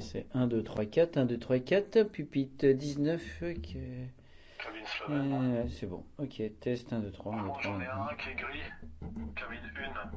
ok, c'est 1, 2, 3, 4, 1, 2, 3, 4, pupite 19, ok. Cabine Euh, c'est bon, ok, test 1, 2, 3, 1, 2, 3. J'en ai un qui est gris, cabine 1.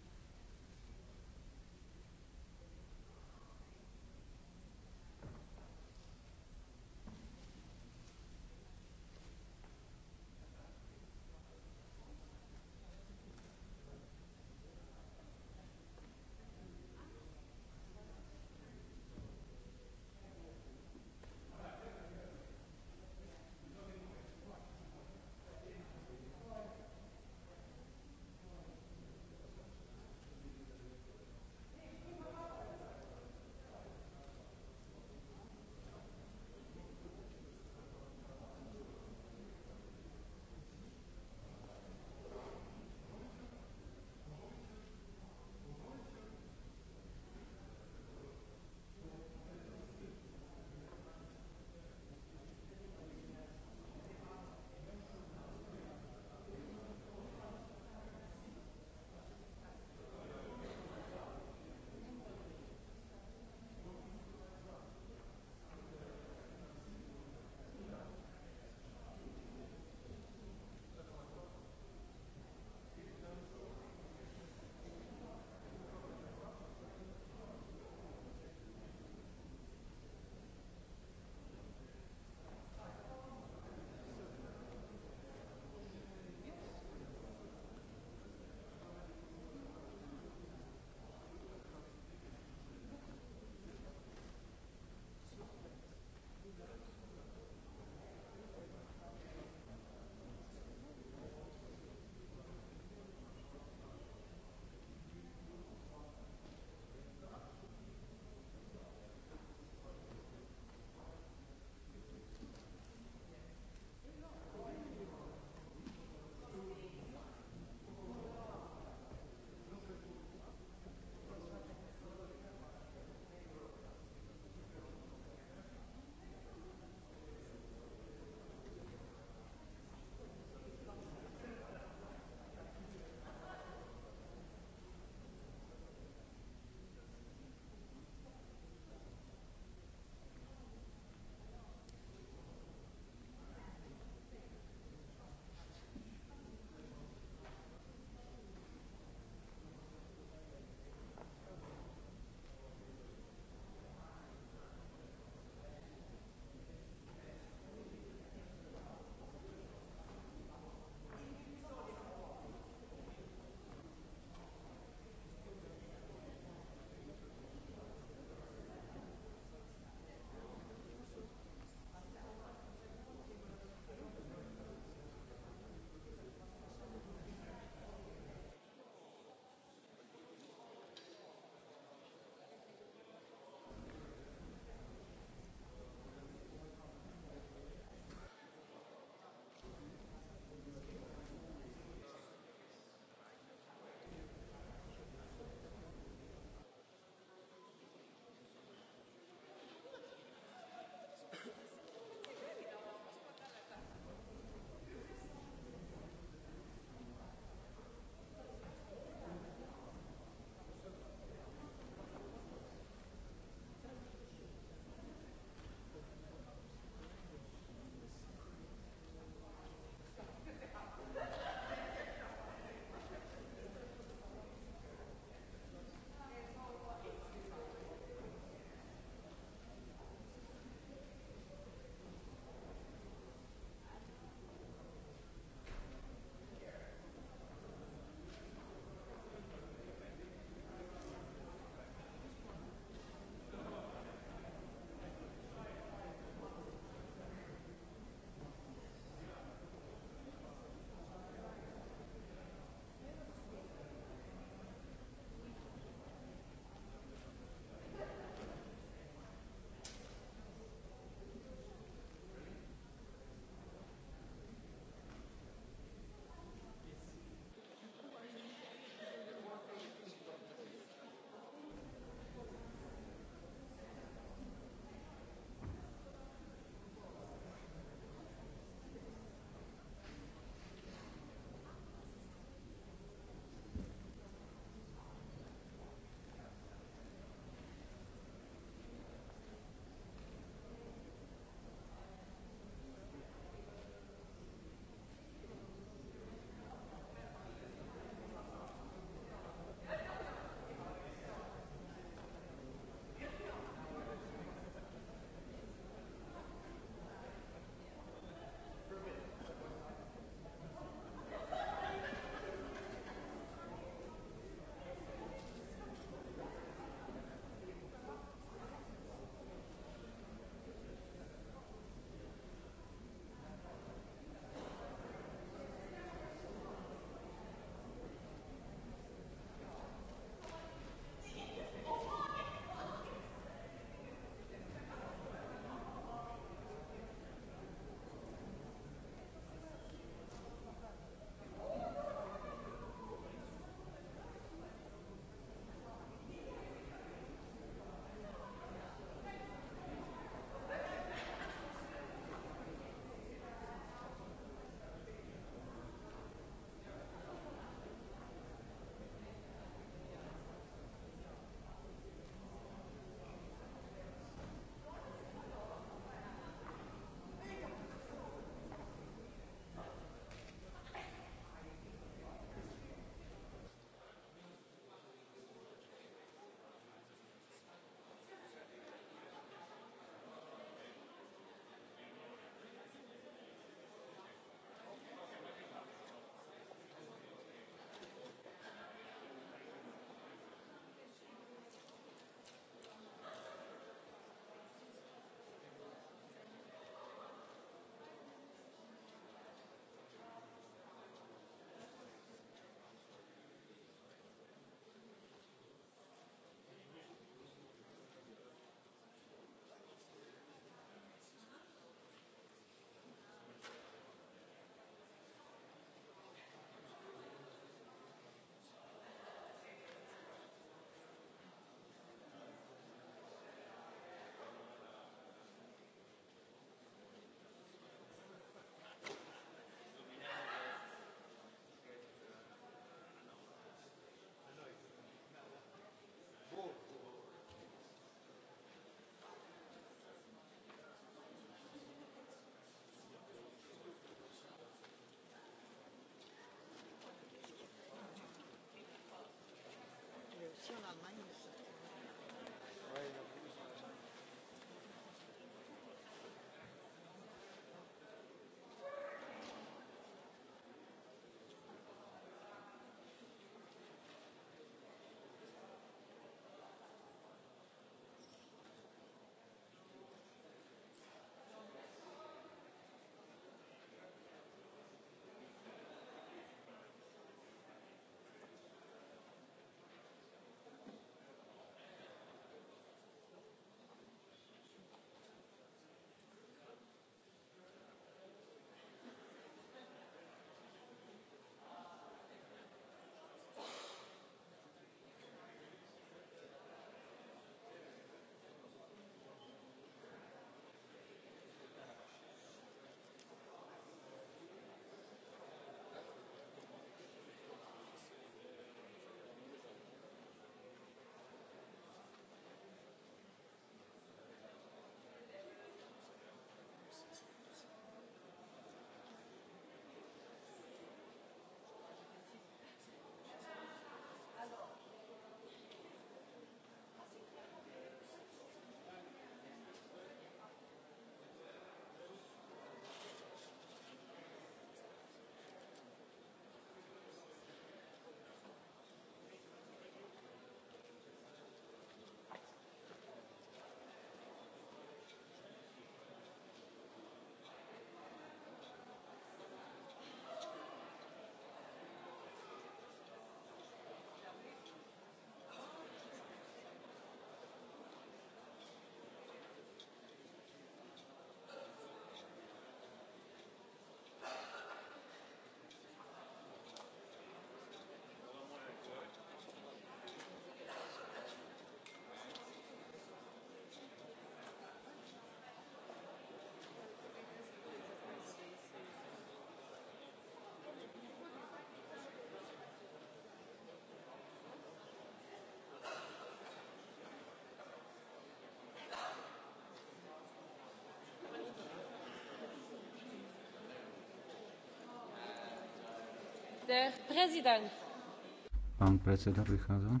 Pán predseda prichádza.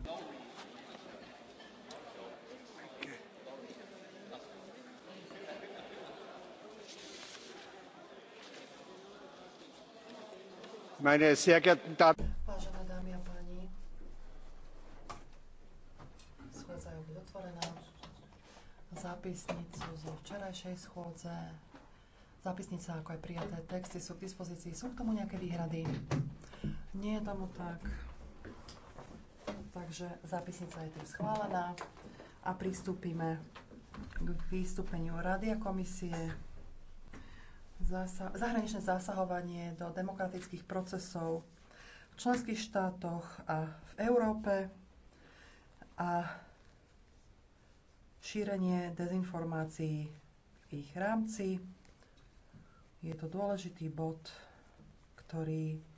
Meine sehr geehrten Damen Vážené dámy a páni, schôdza je otvorená. Zápisnicu zo včerajšej schôdze Zápisnica, ako aj prijaté texty sú k dispozícii. Sú k tomu nejaké výhrady? Nie je tomu tak. Takže zápisnica je tým teda schválená a pristúpime k vystúpeniu Rady a komisie Zasa- zahraničné zasahovanie do demokratických procesov v členských štátoch a v Európe a šírenie dezinformácií v ich rámci. Je to dôležitý bod, ktorý